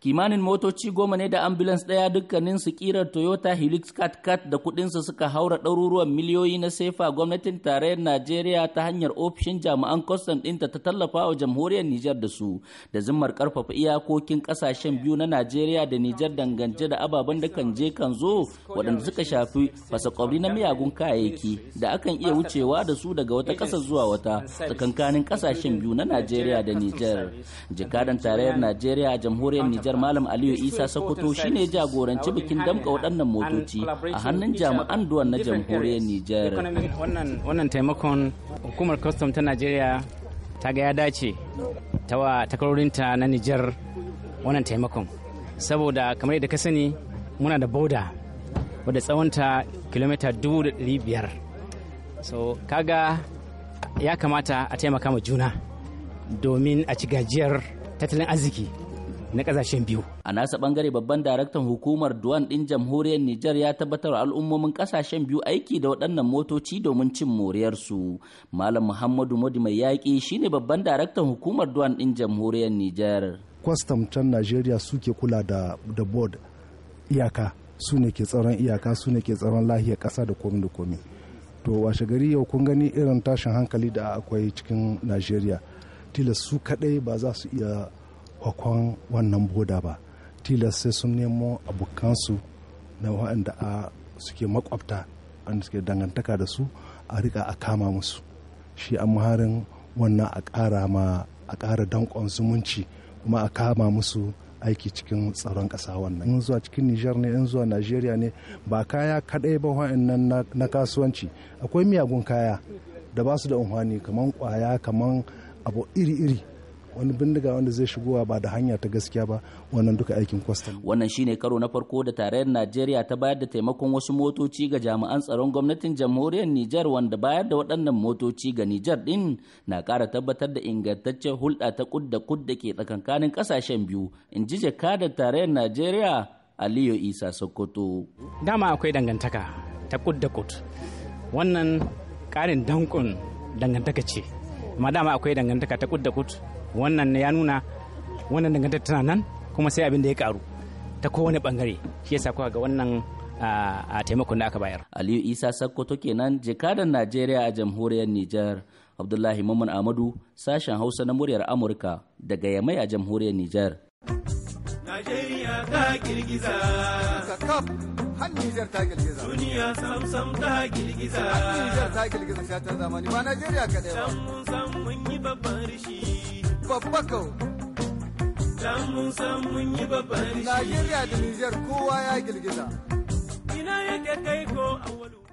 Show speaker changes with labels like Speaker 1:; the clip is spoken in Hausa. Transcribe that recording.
Speaker 1: kimanin motoci goma ne da ambulance ɗaya dukkanin su kirar toyota helix cat da kudinsu suka haura ɗaruruwan miliyoyi na sefa gwamnatin tarayyar najeriya ta hanyar ofishin jami'an kwastam ɗinta ta tallafa wa jamhuriyar nijar da su da zimmar karfafa iyakokin ƙasashen biyu na najeriya da nijar dangance da ababen da kan je kan zo waɗanda suka shafi fasakwabri na miyagun kayayyaki da akan iya wucewa da su daga wata ƙasa zuwa wata tsakankanin ƙasashen biyu na najeriya da nijar jakadan tarayyar najeriya a jamhuriyar nijar Nijar Malam Aliyu Isa Sokoto shine jagoranci bikin damka waɗannan motoci a hannun jami'an duwan na jamhuriyar Nijar.
Speaker 2: Wannan taimakon hukumar custom ta Najeriya ta ga ya dace ta wa takarorinta na Nijar wannan taimakon. Saboda kamar yadda ka sani muna da boda wadda tsawonta kilomita dubu da biyar. So kaga ya kamata a taimaka ma juna domin a ci gajiyar tattalin arziki na kasashen biyu.
Speaker 1: A nasa bangare babban daraktan hukumar Duwan din jamhuriyar Nijar ya tabbatar al'ummomin kasashen biyu aiki da waɗannan motoci domin cin moriyarsu. Malam Muhammadu Modi mai yaƙi shine babban daraktan hukumar Duwan din jamhuriyar Nijar.
Speaker 3: Kwastam can Najeriya suke kula da da board iyaka su ne ke tsaron iyaka su ne ke tsaron lahiyar ƙasa da komi da komi. To washe gari yau kun gani irin tashin hankali da akwai cikin Najeriya. Tilas su kaɗai ba za su iya hakon wannan boda ba tilas sai sun nemo abokansu na waɗanda a suke makwabta wanda suke dangantaka da su a rika a kama musu shi a muharin wannan a ƙara ma a ƙara danƙon zumunci kuma a kama musu aiki cikin tsaron ƙasa wannan in zuwa cikin nijar ne in zuwa najeriya ne ba kaya kaɗai ba wa'annan na kasuwanci akwai miyagun kaya da ba su da unhwani kamar kwaya kamar abu iri-iri wani bindiga wanda zai shigowa ba da hanya ta gaskiya ba wannan duka aikin kwastam
Speaker 1: wannan shine karo na farko da tarayyar najeriya ta bayar da taimakon wasu motoci ga jami'an tsaron gwamnatin jamhuriyar nijar wanda bayar da waɗannan motoci ga nijar din na ƙara tabbatar da ingantaccen hulɗa ta kud da kud da ke tsakankanin ƙasashen biyu in ji jakadar
Speaker 2: tarayyar najeriya aliyu isa sokoto dama akwai dangantaka ta kud da wannan ƙarin dankon dangantaka ce amma dama akwai dangantaka ta kud da kud wannan ya nuna wannan dangantaka tana nan kuma sai abin da ya karu ta kowane bangare shi yasa kuka ga wannan a taimakon da aka bayar
Speaker 1: aliyu isa sakkwato kenan jakadan najeriya a jamhuriyar nijar abdullahi mamman amadu sashen hausa na muryar amurka daga yamai a jamhuriyar nijar najeriya ta girgiza har Nijar ta girgiza. Duniya sam ta girgiza. Nijar ta girgiza ta zamani ba Najeriya kaɗai ba. mun san mun yi babban rishi. Babba ko Sam mun san mun yi
Speaker 3: babban rishi. Najeriya da Nijar kowa ya girgiza. Ina yake kai ko awalu.